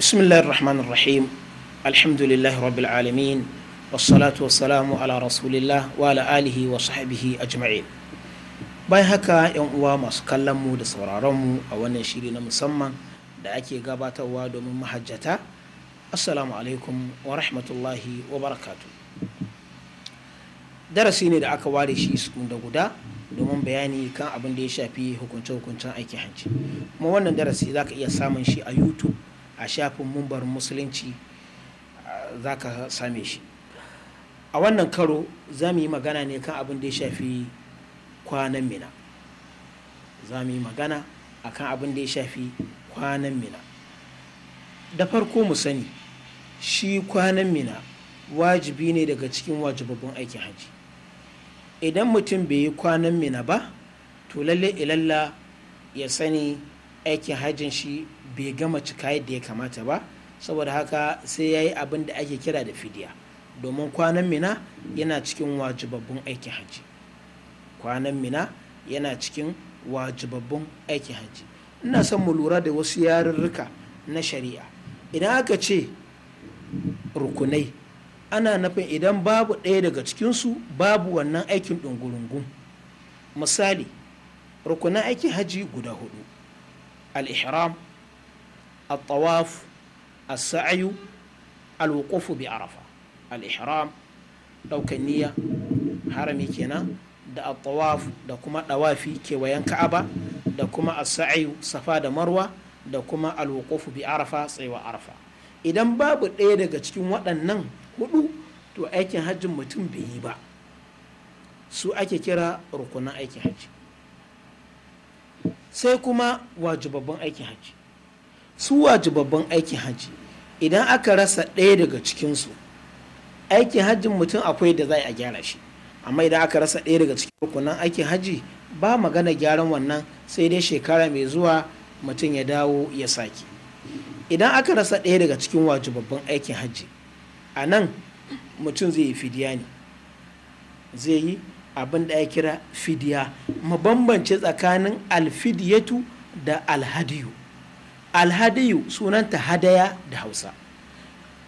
بسم الله الرحمن الرحيم الحمد لله رب العالمين والصلاة والسلام على رسول الله وعلى آله وصحبه أجمعين bayan haka yan uwa masu kallon mu da sauraron mu a wannan shiri na musamman da ake gabatarwa domin mahajjata assalamu alaikum wa rahmatullahi wa barakatu darasi ne da aka ware shi da guda domin bayani kan abin da ya shafi hukunce-hukuncen aikin hanci kuma wannan darasi za ka iya samun shi a youtube a shafin mumbar musulunci za ka same shi a wannan karo za mu yi magana ne kan abin da ya shafi kwanan mina za mu yi magana a kan abin da ya shafi kwanan mina da farko mu sani shi kwanan mina wajibi ne daga cikin wajibabin aikin hajji idan mutum bai yi kwanan mina ba to lalle ilalla ya sani aikin hajjin shi bai gama cika yadda ya kamata ba saboda haka sai ya yi abin da ake kira da fidiya domin kwanan mina yana cikin wajibabbun aikin hajji kwanan mina yana cikin wajibabbun aikin hajji ina son mu lura da wasu yarurruka na shari'a idan aka ce rukunai ana nufin idan babu ɗaya daga cikinsu babu wannan aikin ɗungurungun misali rukunan aikin hajji guda hudu al-ihram al-tawaf al-sa'ayu al arafa al-ihram niyya harami kenan da al da kuma ɗawafi kewayen ka'aba da kuma Asaayu safa da marwa da kuma al-wuqufu bi arafa tsayuwa arafa idan babu ɗaya daga cikin waɗannan huɗu to aikin hajjin mutum bai yi ba su ake kira rukunin aikin hajji sai kuma wajibabban aikin hajji su wajibabban aikin hajji idan aka rasa ɗaya daga cikinsu aikin hajjin mutum akwai da za a gyara shi amma idan aka rasa ɗaya daga cikin rukunan aikin hajji ba magana gyaran wannan sai dai shekara mai zuwa mutum ya dawo ya sake idan aka rasa ɗaya daga cikin wajibabban aikin hajji a nan mutum zai yi fidiya ne zai yi abin da ya kira fidiya mu tsakanin alfidiyatu da alhadiyu alhadiyu sunanta hadaya da hausa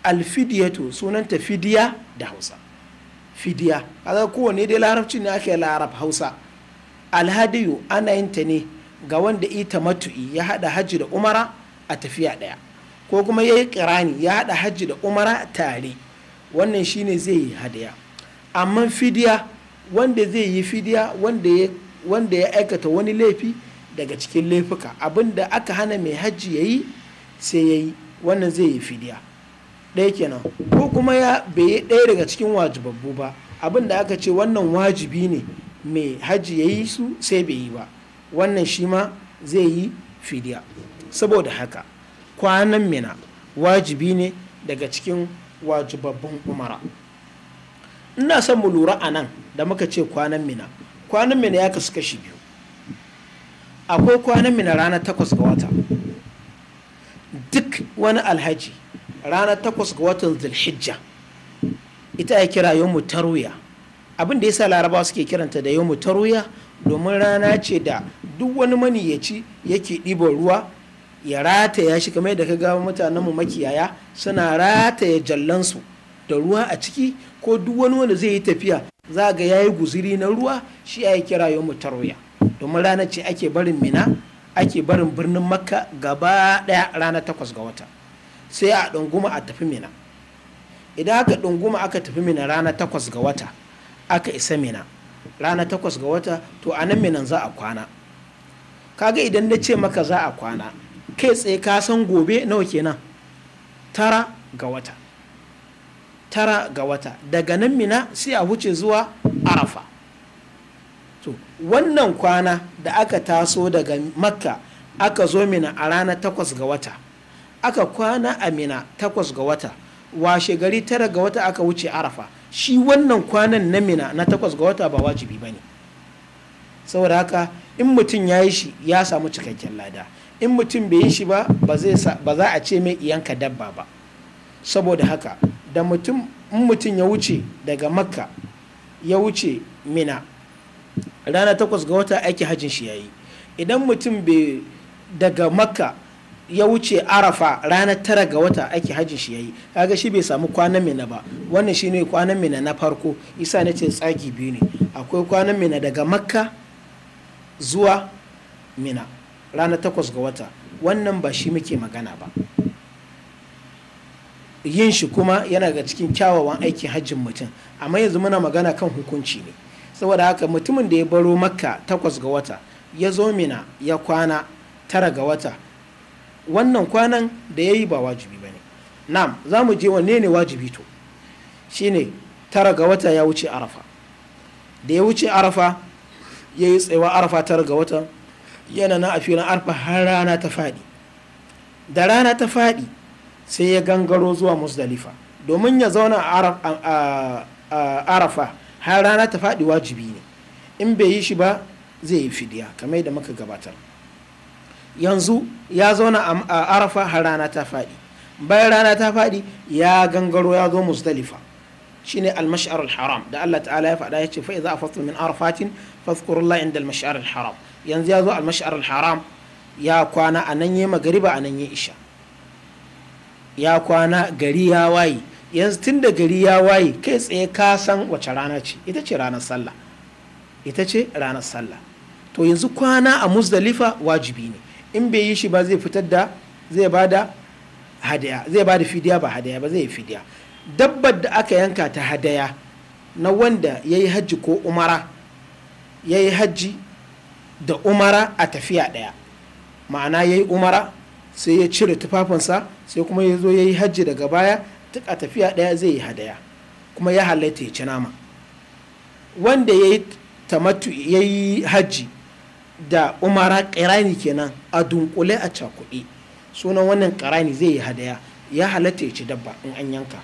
alfidiyatu sunanta fidiya da hausa fidiya kaga kowane dai larabci ne ake larab hausa alhadiyu ana yin ta ne ga wanda ita matu'i ya hada hajji da umara a tafiya daya ko kuma ya yi kirani ya hada hajji da umara tare wannan shine zai yi hadaya amma fidiya wanda zai yi fidiya wanda ya aikata wani laifi daga cikin laifuka abinda aka hana mai hajji ya yi sai ya yi wannan zai yi fidiya ɗaya kenan ko kuma ya bai yi ɗaya daga cikin wajibabbu ba abinda aka ce wannan wajibi ne mai hajji ya yi su sai bai yi ba wannan shi ma zai yi fidiya saboda haka kwanan mina wajibi ne daga cikin wajibabbun umara ina son mu lura a nan da muka ce kwanan mina kwanan mina ya kasu kashi biyu akwai kwanan mina rana takwas ga wata duk wani alhaji rana takwas ga watan zulhijja ita ya kira yomu tarwiya abin da yasa Laraba suke kiranta da yomu tarwiya domin rana ce da duk wani maniyaci yake ɗiban ruwa ya rataya shi kamar yadda ka ga mutanenmu makiyaya suna rataya jallansu da ruwa a ciki ko duk wani wanda zai yi tafiya za ga ya yi guziri na ruwa shi ya yi kira ta tarwiya domin rana ce ake barin mina ake barin birnin makka gaba daya rana takwas ga wata sai a ɗunguma a tafi mina idan aka ɗunguma aka tafi mina rana takwas ga wata aka isa mina rana takwas ga wata to a nan minan za a kwana kaga idan na ce maka za a kwana kai tsaye ka san gobe nawa kenan tara ga wata tara ga wata daga nan mina sai a wuce zuwa arafa to wannan kwana da aka taso daga makka aka zo mina a rana takwas ga wata aka kwana a mina takwas ga wata washe gari tara ga wata aka wuce arafa shi wannan kwanan na mina na takwas ga wata ba wajibi ba ne saboda haka in mutum ya yi shi ya samu cikakken lada in mutum bai yi shi ba ba za a ce mai iyanka dabba ba saboda haka da mutum in mutum ya wuce daga makka ya wuce mina rana takwas ga wata aiki hajjin shi yayi idan mutum daga makka ya wuce arafa ranar tara ga wata aiki hajjin shi yayi kaga shi bai samu kwanan mina ba wannan shine kwanan mina na farko isa na ce tsagi biyu ne akwai kwanan mina daga makka zuwa mina rana takwas ga wata wannan ba shi muke magana ba yin shi kuma yana ga cikin kyawawan aikin hajjin mutum amma yanzu muna magana kan hukunci ne saboda haka mutumin da ya baro makka takwas ga wata ya zo mina ya kwana tara ga wata wannan kwanan da ya yi ba wajibi ba ne nam za mu je wanne ne wajibi to shine tara ga wata ya wuce arafa da ya wuce arafa ya yi tsayawa arafa tara ga wata yana na a filin arafa har rana ta faɗi da rana ta faɗi sai ya gangaro zuwa musdalifa domin ya zauna a arafa har rana ta faɗi wajibi ne in bai yi shi ba zai yi fidiya kamar da muka gabatar yanzu ya zauna a arafa har rana ta faɗi bayan rana ta faɗi ya gangaro ya zo musdalifa shine almashar haram da Allah ta'ala ya faɗa ya ce fa'iza a afatu min arafatin fadhkurullaha inda al haram yanzu ya zo almashar alharam haram ya kwana yi nanye a nan yi isha ya kwana gari ya waye yanzu tun da gari ya waye kai tsaye ka san wace rana ce ita ce ranar sallah ita ce ranar sallah to yanzu kwana a musdalifa wajibi ne in bai yi shi ba zai fitar da zai ba da hadaya zai ba da fidiya ba hadaya ba zai yi fidiya dabbar da aka yanka ta hadaya na wanda ya yi hajji ko umara ya yi hajji da umara a tafiya ɗaya ma'ana ya yi umara sai ya cire tufafinsa sai kuma ya zo ya yi hajji daga baya duk a tafiya ɗaya zai yi hadaya kuma ya halatta ya ci nama wanda ya yi tamattu ya yi hajji da umara ƙirani kenan a dunkule a cakuɗe sunan wannan ƙirani zai yi hadaya ya halatta ya ci dabba in an yanka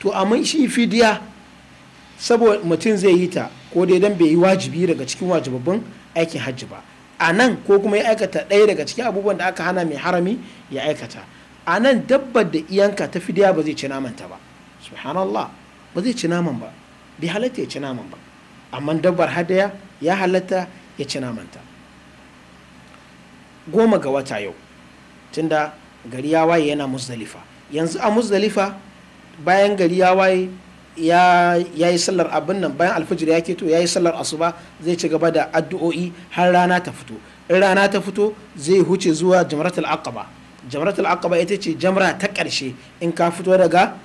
to amma shi fidiya saboda mutum zai yi ta ko dai don bai yi wajibi daga cikin wajibabin aikin hajji ba a nan ko kuma ya aikata ɗaya daga cikin abubuwan da aka hana mai harami ya aikata a nan dabbar da iyanka ta fidiya ba zai ci naman ta ba subhanallah ba zai ci naman ba bai halatta ya ci naman ba amma dabbar hadaya ya halatta ya ci naman ta goma ga wata yau tunda gari ya waye yana muzdalifa yanzu a muzdalifa bayan gari ya waye ya yi sallar abin nan bayan alfajir ya keto ya yi sallar asuba zai ci gaba da addu'o'i har rana ta fito in rana ta fito zai huce zuwa jamratul aqaba jamratul aqaba ita ce jamra ta ƙarshe in ka fito daga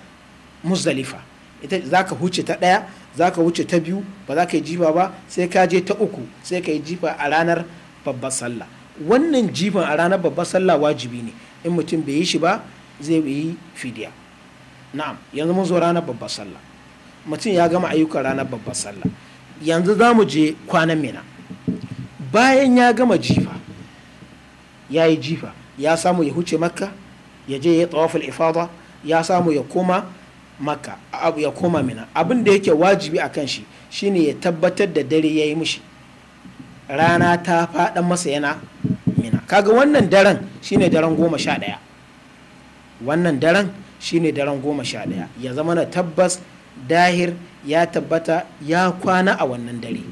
muzdalifa ita za ka huce ta ɗaya za ka huce ta biyu ba za ka yi jifa ba sai ka je ta uku sai ka yi jifa a ranar babbar sallah wannan jifan a ranar babbar sallah wajibi ne in mutum bai yi shi ba zai yi fidiya na'am yanzu mun zo ranar babbar sallah mutum ya gama ayyukan ranar babbar sallah yanzu za mu je kwanan mina bayan ya gama jifa ya yi jifa ya samu ya huce makka ya je ya tsawafin ifada ya samu ya koma makka ya koma mina abin da yake wajibi a kan shi shine ya tabbatar da dare ya yi mushi rana ta faɗan masa yana mina kaga wannan daren shine daren goma sha ɗaya wannan daren shine daren goma sha ɗaya ya zama na tabbas dahir ya tabbata ya kwana a wannan dare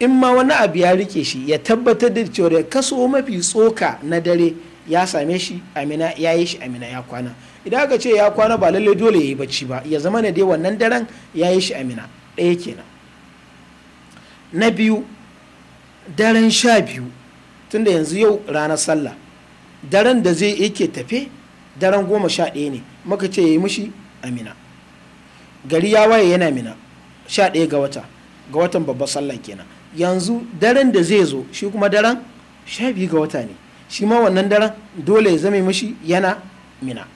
in ma wani abu ya rike shi ya tabbatar da cewa kaso mafi tsoka na dare ya same shi amina ya yi shi amina ya kwana idan aka ce ya kwana ba lallai dole ya yi bacci ba ya zama ne dai wannan daren ya yi shi amina ɗaya kenan na biyu daren sha biyu tunda yanzu yau ranar sallah daren da zai yake tafe daren goma sha ɗaya ne muka ce ya yi mishi amina gari ya waye yana mina sha ɗaya ga wata ga watan babbar sallah kenan yanzu daren da zai zo shi kuma daren sha biyu ga wata ne shi ma wannan daren dole ya zame mashi yana mina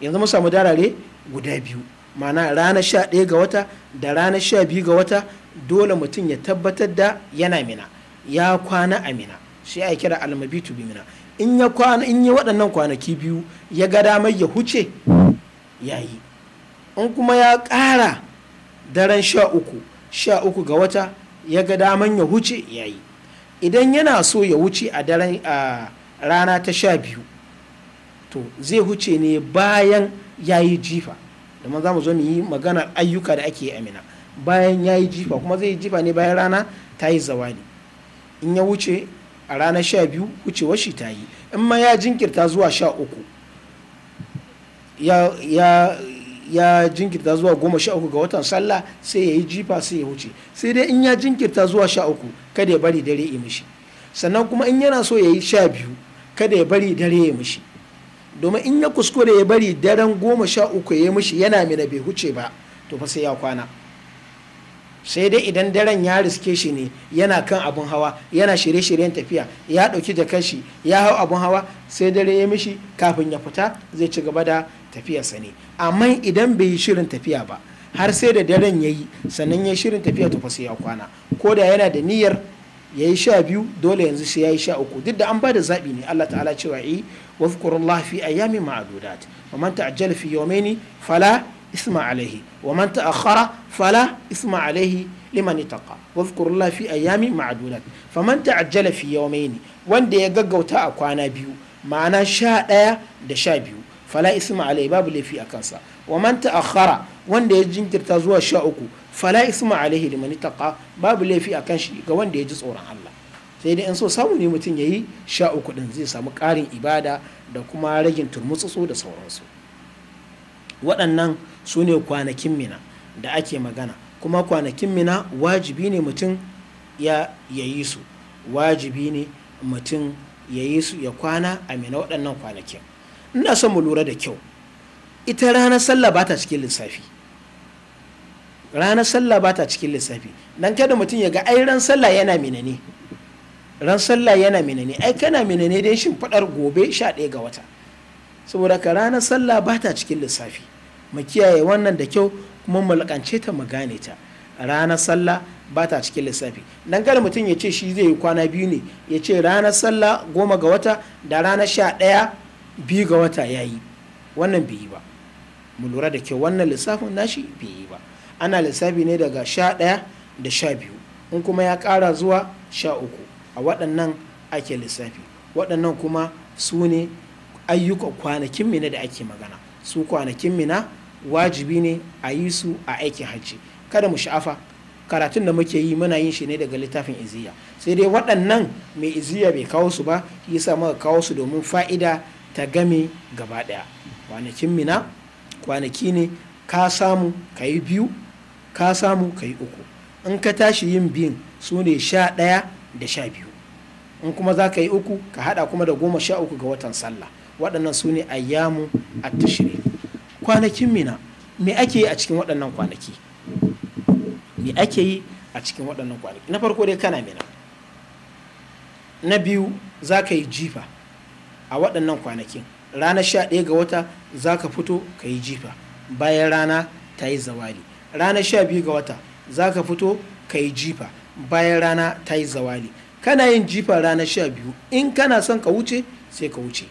yanzu mu samu darare guda biyu mana rana sha ɗaya ga wata da rana sha biyu ga wata dole mutum ya tabbatar da yana mina ya kwana a mina sai a kira almabitu bi mina in ya in ya waɗannan kwanaki biyu ya ga damar ya huce ya yi in kuma ya ƙara daren sha uku sha uku ga wata ya ga daman ya huce ya yi idan yana so ya wuce a daren a rana ta sha biyu to zai huce ne bayan ya yi jifa domin za mu zo mu yi maganar ayyuka da ake amina bayan ya yi jifa kuma zai yi jifa ne bayan rana ta yi zawali in ya wuce a ranar sha biyu wucewar shi ta yi in ma ya jinkirta zuwa sha uku ya jinkirta zuwa goma sha uku ga watan sallah sai ya yi jifa sai ya wuce sai dai in ya jinkirta zuwa sha uku kada ya bari dare ya mishi sannan kuma in yana so ya yi sha biyu kada ya bari dare ya mishi domin in ya kuskure ya bari daren goma sha uku ya mishi yana mina bai huce ba to fa sai ya kwana sai dai idan daren ya riske shi ne yana kan abun hawa yana shirye-shiryen tafiya ya ɗauki jakar shi ya hau abun hawa sai dare ya mishi kafin ya fita zai ci gaba da tafiyarsa ne amma idan bai yi shirin tafiya ba har sai da daren ya yi sannan ya shirin tafiya ta fasa ya kwana ko da yana da niyyar ya yi sha biyu dole yanzu sai ya yi sha uku duk da an ba da zaɓi ne Allah ta'ala cewa yi eh, wa zukurullah fi ayyami ma'adudat wa man ta'ajjala fi yawmaini fala isma alaihi wa man ta'akhkhara fala isma alaihi liman fi ayyami ma'adudat ta'ajjala fi yawmaini wanda ya gaggauta a kwana biyu ma'ana sha ɗaya da sha biyu fala isma alai babu laifi a kansa wa man ta'akhkhara wanda ya jinkirta zuwa sha uku fala isma alaihi liman taqa babu laifi a kan shi ga wanda ya ji tsoron Allah sai dai in so samu ne mutum yayi sha uku din zai samu ƙarin ibada da kuma ragin turmutsutsu da sauransu waɗannan su ne kwanakin mina da ake magana kuma kwanakin mina wajibi ne mutum ya yayi su wajibi ne mutum ya yi su ya kwana a mina waɗannan kwanakin ina son mu lura da kyau ita ranar sallah ba ta cikin lissafi ranar sallah ba ta cikin lissafi dan kada mutum ya ga ai ran sallah yana minane ran sallah yana menene ai kana dai dan shimfiɗar gobe 11 ga wata saboda ka ranar sallah ba ta cikin lissafi mu kiyaye wannan da kyau kuma mu lakance ta mu gane ta ranar sallah ba ta cikin lissafi dan kada mutum ya ce shi zai yi kwana biyu ne ya ce ranar sallah goma ga wata da ranar sha ɗaya biyu ga wata ya yi wannan bai yi ba mu lura da kyau wannan lissafin nashi bai yi ba ana lissafi ne daga sha ɗaya da sha biyu in kuma ya ƙara zuwa sha uku a waɗannan ake lissafi waɗannan kuma su ne ayyuka kwanakin mina da ake magana su kwanakin mina wajibi ne a yi su a aikin hajji kada mu sha'afa karatun da muke yi muna yin shi ne daga littafin iziya sai dai waɗannan mai iziya bai kawo su ba yi sa muka kawo su domin fa'ida ta game gaba daya kwanakin mina kwanaki ne ka samu ka yi biyu ka samu ka yi uku in ka tashi yin biyun su ne sha daya da sha biyu in kuma za ka yi uku ka haɗa kuma da goma sha uku ga watan sallah waɗannan su ne ayyamu a tashiri kwanakin mina me ake yi a cikin waɗannan kwanaki me ake yi a cikin waɗannan kwanaki na farko dai kana mina na biyu za ka yi jifa a waɗannan kwanakin rana sha ɗaya ga wata za ka fito ka yi jifa bayan rana ta yi zawali rana sha biyu ga wata za ka fito ka yi jifa bayan rana ta yi zawali kana yin jifa rana sha biyu in kana son ka wuce sai ka wuce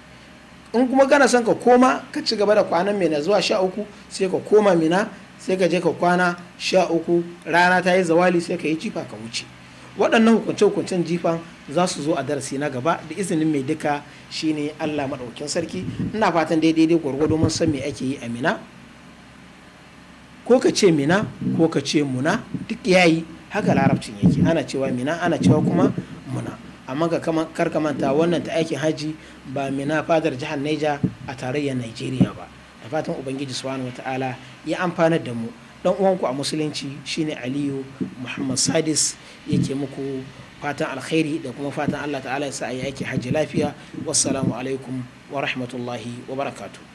in kuma kana son ka koma ka ci gaba da kwanan mina zuwa sha uku sai ka koma mina sai ka je ka kwana sha uku rana ta yi zawali sai ka yi jifa ka wuce waɗannan hukunce-hukuncen jifan za su zo a darasi na gaba da izinin mai duka shine allah maɗaukin sarki ina fatan daidai dai gwargwado mun san me ake yi a mina ko ka ce mina ko ka ce muna duk yayi haka larabcin yake ana cewa mina ana cewa kuma muna amma ga kar ka manta wannan ta aikin haji ba mina fadar jihar Niger a tarayyar nigeria ba da fatan ubangiji subhanahu wataala ya amfanar da mu dan uwanku a musulunci shine aliyu muhammad sadis yake muku fatan alkhairi da kuma fatan allah ta'ala ya sa a yi hajji lafiya wassalamu alaikum wa rahmatullahi wa barakatuh